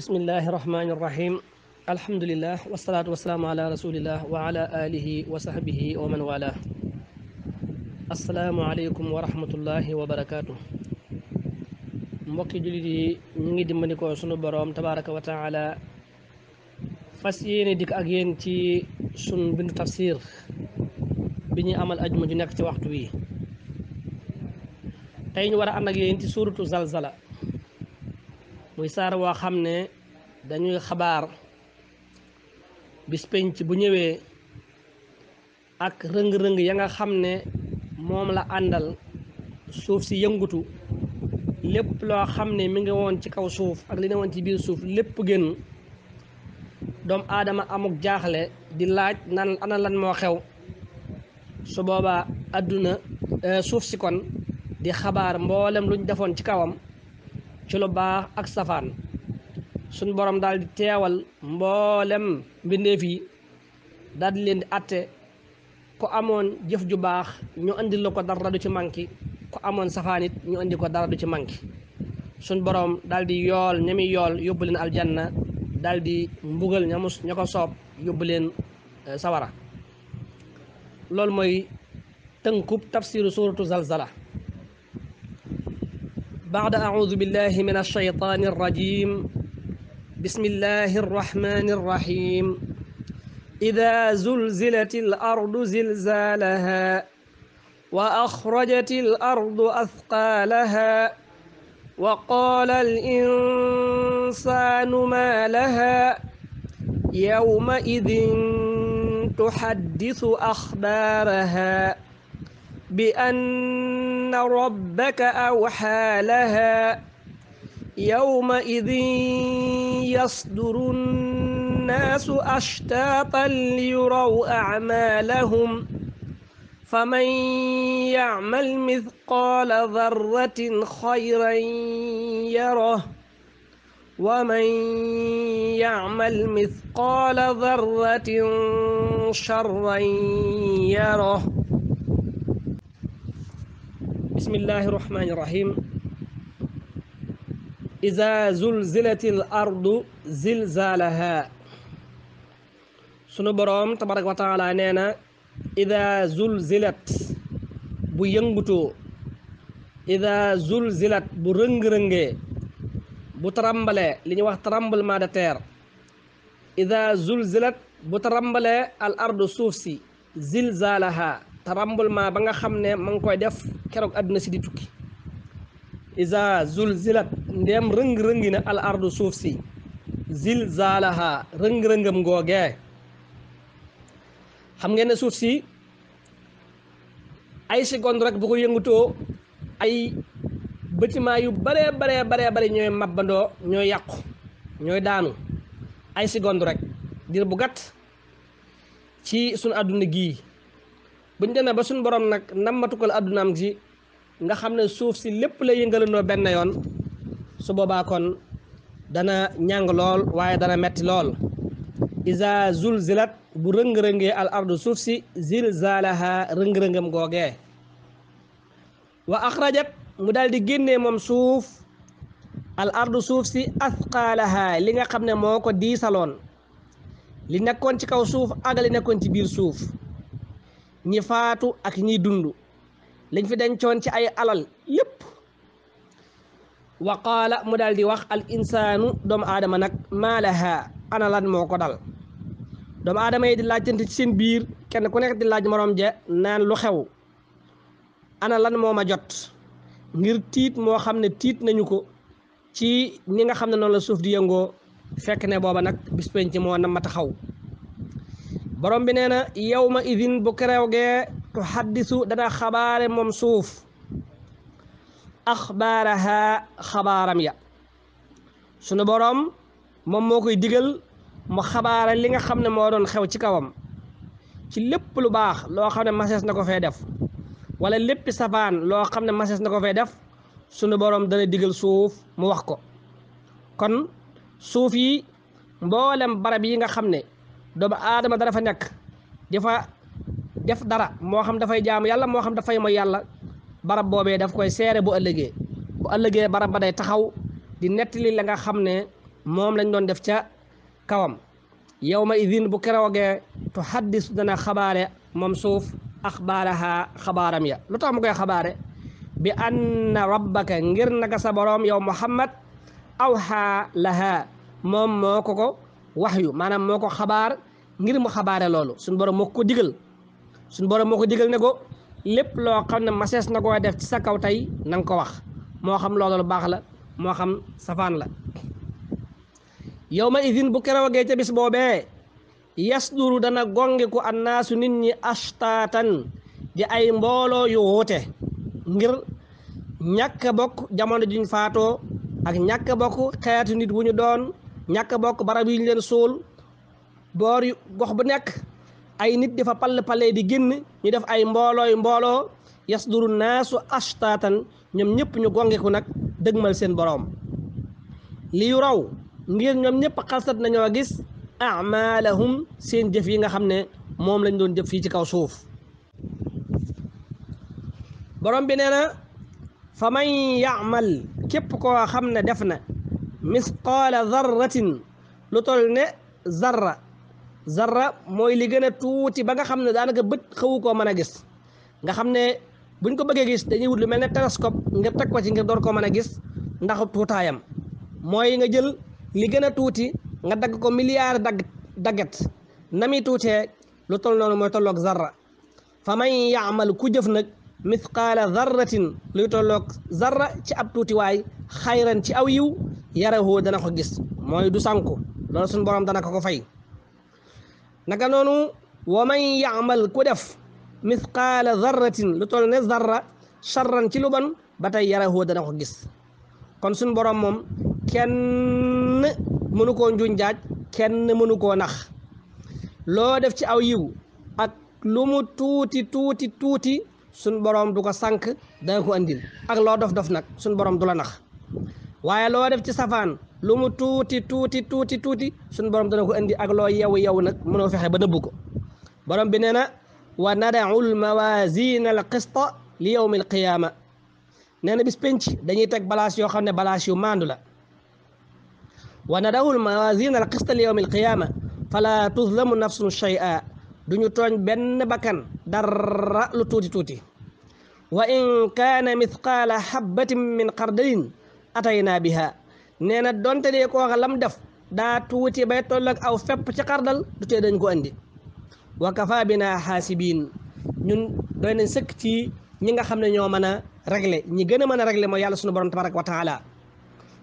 بسم الله الرحمن الرحيم الحمد لله والصلاة والسلام على رسول الله وعلى آله وصحبه ومن والاه السلام عليكم ورحمة الله وبركاته مكي جلدي نيجي دمني كوسن برام تبارك وتعالى فسيني ديك أجين تي سن بن تفسير بني عمل أجمع جنك توقتوي تين ورا أنا جين تي سورة زلزلة muy saar woo xam ne dañuy xabaar bis bu ñëwee ak rëng-rëng ya nga xam ne moom la àndal suuf si yëngutu lépp loo xam ne mi ngi woon ci kaw suuf ak li ne woon ci biir suuf lépp génn doom aadama amuk jaaxle di laaj nan ana lan moo xew su boobaa àdduna eh, suuf si kon di xabaar mboolem lu luñ defoon ci kawam ci lu baax ak safaan suñ boroom daldi teewal mboolem mbindeef yi daal di leen di atte ku amoon jëf ju baax ñu indi la ko dara du ci manki ku amoon safaan it ñu indi ko dara du ci manki suñ borom daldi di yool ña muy yool yóbbu leen aljanna daal di mbugal ñamus ña ko soob yóbbu leen eh, sawara loolu mooy tënkub tafsiru suuratu zalzala بعد أعوذ بالله من الشيطان الرجيم بسم الله الرحمن الرحيم إذا زلزلت الأرض زلزالها وأخرجت الأرض أثقالها وقال الإنسان ما لها يومئذ تحدث أخبارها بأن ربك أوحى لها يومئذ يصدر الناس أشتاطا ليروا أعمالهم فمن يعمل مثقال ذرة خيرا يره ومن يعمل مثقال ذرة شرا يره بسم الله الرحمن الرحيم إذا زلزلت الأرض زلزالها sunu boroom tabaraka wa taala nee na ida zulzilat bu yëngutoo ida zulzilat bu rëng-rëngee bu tarambalee li ñuy wax tremblement de terre ida zulzilat bu tarambalee al ardu suuf si zilzalaha tremblement ba nga xam ne ma ngi koy def keroog àdduna si di tukki isa zulzilat ndem rëng-rëngi na al ardu suuf si zilzaalaha rëng-rëngam ngoogee xam ngeen ne suuf si ay seconde rek bu ko yëngutoo ay bâtiment yu baree baree baree bari ñooy mabbandoo ñooy yàqu ñooy daanu ay seconde rek dir bu gàtt ci sunu àdduna gii buñ demee ba suñ borom nag nammatukal àddunaam ji nga xam ne suuf si lépp la yëngalandoo benn yoon su boobaa kon dana ñàng lool waaye dana metti lool isa zulzilat bu rëng-rëngee al ardu suuf si zilzaalaha rëng-rëngam googee wa axrajat mu daal di génnee moom suuf al ardu suuf si asqaalaha li nga xam ne moo ko diisaloon li nekkoon ci kaw suuf ak li nekkoon ci biir suuf ñi faatu ak ñi dund liñ fi dencoon ci ay alal yépp wa qaala mu daal wax al insaanu doomu aadama nag maa lahaa ana lan moo ko dal doomu aadama yi di laajante ci seen biir kenn ku nekk di laaj moroom ja naan lu xew ana lan moo ma jot ngir tiit moo xam ne tiit nañu ko ci ñi nga xam ne noonu la suuf di yëngoo fekk ne booba nag bis penc moo na ma taxaw borom bi nee na yawma idin bu kerew gee tu xaddisu dana xabaare moom suuf axbaaraha xabaaram ya sunu borom moom moo koy digal mu xabaare li nga xam ne moo doon xew ci kawam ci lépp lu baax loo xam ne masees na ko fee def wala léppi safaan loo xam ne masees na ko fee def sunu borom dana digal suuf mu wax ko kon suuf yi mboolem barab yi nga xam ne doomu aadama dara fa nekk di def dara moo xam dafay jaamu yàlla moo xam dafay mooy yàlla barab boobee daf koy seere bu ëllëgee bu ëllëgee barab ba day taxaw di nettali la nga xam ne moom lañ doon def ca kawam yow ma idin bu keroogee tu haddis dana xabaare moom suuf axbaaraha xabaaram ya lu tax mu koy xabaare bi anna rabbaka ngir naka sa boroom yow muhammad awxa laha moom moo ko ko waxyu maanaam moo ko xabaar ngir mu xabaare loolu suñu borom moo ko digal suñu borom moo ko digal ne ko lépp loo xam ne masees na koo def ci sa kaw tey na ko wax moo xam loolu lu baax la moo xam safaan la yow ma idin bu keroogee ca bis boobee yasduru dana gonge ku su nit ñi ashtaatan di ay mbooloo yu wuute ngir ñàkk a bokk jamono juñ faatoo ak ñàkk bokk xeetu nit wu ñu doon ñàkk bokk barab yi ñu leen suul boor yu gox bu nekk ay nit dafa pall pale di génn ñu def ay mboolooy mbooloo yasduru naasu ashtaatan ñoom ñëpp ñu gongeku nag dëgmal seen boroom li raw ngir ñoom ñëpp xalsat nañoo gis amaalahum seen jëf yi nga xam ne moom lañ doon jëf fii ci kaw suuf borom bi nee na fa man yaamal képp koo xam ne def na misqaala zarratin lu tol ne zarra zarra mooy li gën a tuuti ba nga xam ne daanaka bët xawu koo mën a gis nga xam ne buñ ko bëggee gis dañuy wut lu mel ne télescope nga teg ko ci ngir door koo mën a gis ndax tuutaayam mooy nga jël li gën a tuuti nga dagg ko milliard dagg dagget na muy tuutee lu toll noonu mooy tolloog zarra fa man yaamal ku jëf nag mithqaala zarratin luy tollook zarra ci ab tuutiwaay xayran ci aw yiw yarahu dana ko gis mooy du sànku loolu suñu borom dana ko ko fay naka noonu wa man yaamal ku def misqaala zarratin lu toll ne zarra charran ci lu ban ba tey yarahu dana ko gis kon suñ borom moom kenn mënu koo njuñ jaaj kenn mënu koo nax loo def ci aw yiw ak lu mu tuuti tuuti tuuti suñ borom du ko sànq danga ko andil ak loo dof dof nag suñ borom du la nax waaye loo def ci safaan lumu tuti tuti tuti tuti sun borom dana ko andi ak lo yaw yaw nak mënoo fexe ba nëbbu ko borom bi neena wa nadacu lmawasina al li yawmi alqiyaama nee bis penc dañuy tek balance yo xamne balance yu mandula la wa nadacu lmawasina al li yawmi qiyamah fala tuzlamu nafsun shay'a duñu togn ben bakan dar lu tuti tuti wa in kaana mithqaala xabbatin min xardalin ataynaa biha nee na donte dee koo xam lam def daa tuuti bay toll ak aw fepp ci xardal du tee dañ ko andi wa kafa bina xaasibiin ñun doy nañ sëkk ci ñi nga xam ne ñoo mën a régler ñi gën a mën a régler mooy yàlla sunu borom tabaraka wa taala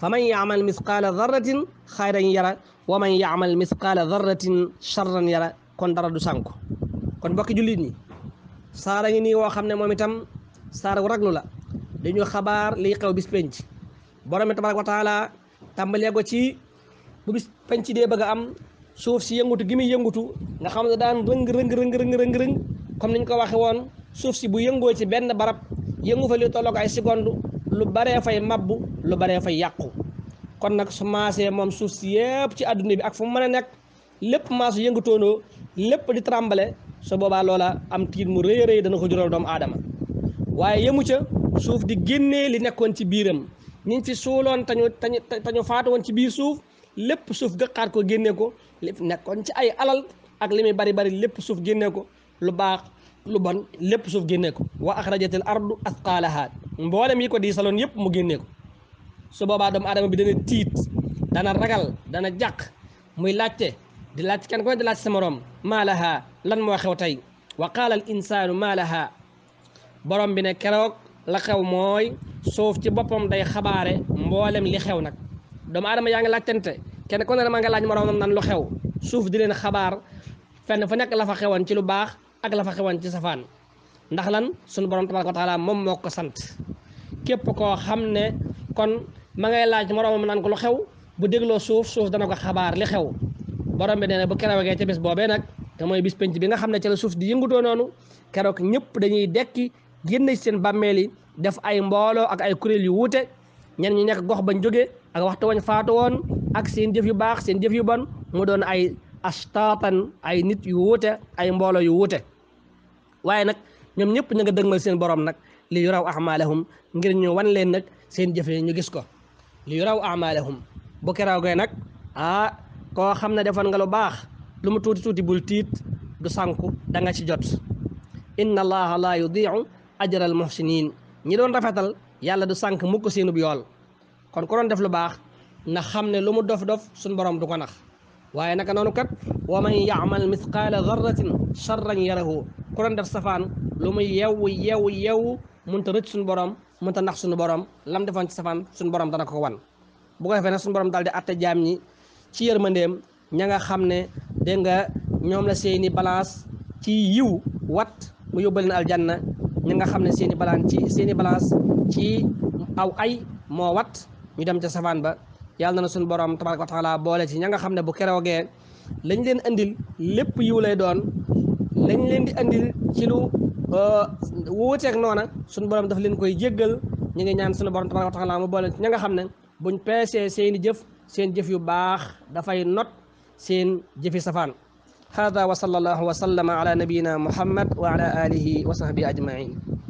fa man yaamal misqaala darratin xayran yara wa man yaamal misqaala darratin charran yara kon dara du sànku kon mbokki jullit ñi saara ngi nii woo xam ne moom itam saara wu raglu la dañu xabaar liy xew bis penc borom bi tabaraka wa taala tàmbalee ko ci bu bis penc dee bëgg am suuf si yëngutu gi muy yëngutu nga xam ne daan rëng rëng rëng rëng rëng rëng comme niñ ko waxe woon suuf si bu yëngoo ci benn barab yëngu fa li ay seconde lu baree fay mabbu lu baree fay yàqu kon nag su maasee moom suuf si yëpp ci àdduna bi ak fu mu mën a nekk lépp maasu yëngutoonoo lépp di trambale su boobaa loola am tiit mu rëy rëy dana ko jural doomu aadama waaye yemu ca suuf di génnee li nekkoon ci biiram ñi fi suuloon tañu tañu tañu faatu woon ci biir suuf lépp suuf gëqaat ko génne ko lépp nekkoon ci ay alal ak li muy bari bari lépp suuf génne ko lu baax lu bon lépp suuf génne ko wa axrajatil ardu asqaalaha mboole yi ko diisaloon yëpp mu génne ko su boobaa doomu aadama bi dana tiit dana ragal dana jàq muy laajte di laajte kenn koy di laajte sa morom maa lahaa lan moo xew tey wa qaala al insaanu maa lahaa borom bi ne keroog la xew mooy suuf ci boppam day xabaare mboolem li xew nag doomu aadama yaa ngi laajtante kenn ku ne ma nga laaj moroomam nan lu xew suuf di leen xabaar fenn fa nekk la fa xewoon ci lu baax ak la fa xewoon ci safaan ndax lan sunu borom tabaraka moom moo ko sant képp koo xam ne kon ma ngay laaj moroomam nan ko lu xew bu dégloo suuf suuf dana ko xabaar li xew borom bi nee na bu keroogee ca bés boobee nag te mooy bis penc bi nga xam ne ca la suuf di yëngutoo noonu keroog ñëpp dañuy dekki génn ci sen bàmmeel def ay mbolo ak ay kurel yu wuté ñen ñi nekk gox bañ joggé ak waxtu wañ faatu won ak seen def yu baax seen def yu bon mu doon ay astatan ay nit yu wuté ay mbolo yu wuté waye nak ñom ñëpp ñinga deggal seen borom nak li yuraw amalahum ngir ñu wan leen nak seen jëfé ñu gis ko li yuraw amalahum bu keraaw gay nak ah ko xam defal nga lu bax lu mu tuti tuti bul tit du sanku da nga ci jot inna allaha la yudhi'u ajral muhsinin ñi doon rafetal yàlla du sànq mukk seenub yool kon ku doon def lu baax na xam ne lu mu dof-dof suñ borom du ko nax waaye naka noonu kat wa man yaamal mithqaala darratin charran yarahu ku doon def safaan lu mu yewu yeewu yewu munta rëcc suñu borom munta ndax suñu borom lam defoon ci safaan suñu borom dana ko wan bu ko defee nag suñu borom daal di atte jaam ñi ci yërmandeem ña nga xam ne dégg nga ñoom la seeni balance ci yiw wat mu yóbbaleen aljanna ñi nga xam ne seeni i ci seen i balance ci aw ay moo wat ñu dem ca safaan ba yàlla na suñu borom tabaraka wa boole ci ña nga xam ne bu keroogee lañ leen indil lépp yiw lay doon lañ leen di andil ci lu euh, wuuteeg noona suñu borom daf leen koy jéggal ñu ngi ñaan suñu borom tabaraka wa mu boole ci ña nga xam ne buñ peesee seen i jëf seen jëf yu baax dafay not seen jëfi safaan هذا وصلى الله وسلم على نبينا محمد وعلى آله وصحبه أجمعين